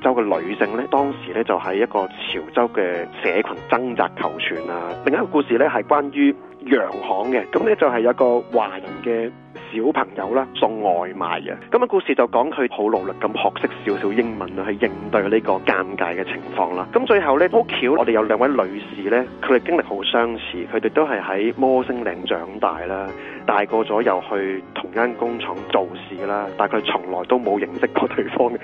州嘅女性咧，當時咧就喺一個潮州嘅社群掙扎求存啦。另一個故事咧，係關於洋行嘅，咁咧，就係有一個華人嘅。小朋友啦，送外賣嘅，咁啊故事就講佢好努力咁學識少少英文去應對呢個尷尬嘅情況啦。咁最後呢，好巧，我哋有兩位女士咧，佢哋經歷好相似，佢哋都係喺摩星嶺長大啦，大個咗又去同一間工廠做事啦，但係佢從來都冇認識過對方嘅。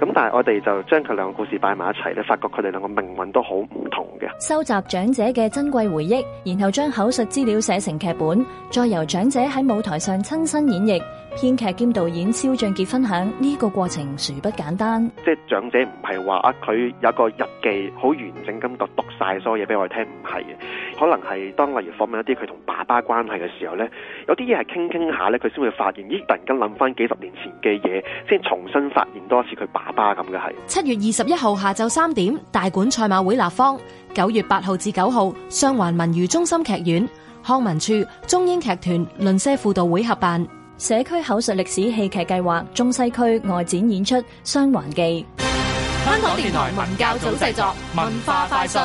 咁但係我哋就將佢兩個故事擺埋一齊，咧，發覺佢哋兩個命運都好唔同嘅。收集長者嘅珍貴回憶，然後將口述資料寫成劇本，再由長者喺舞台上親親身演繹。編劇兼導演肖俊杰分享，呢個過程殊不簡單，即係長者唔係話啊，佢有一個日記好完整咁讀讀晒所有嘢俾我哋聽，唔係嘅，可能係當例如訪問一啲佢同爸爸關係嘅時候咧，有啲嘢係傾傾下咧，佢先會發現咦，突然間諗翻幾十年前嘅嘢，先重新發現多一次佢爸爸咁嘅係。七月二十一號下晝三點，大館賽馬會立方；九月八號至九號，上環文娛中心劇院康文處中英劇團鄰舍輔導會合辦。社區口述歷史戲劇計劃，中西區外展演出《雙環記》。香港電台文教組製作，文化快信。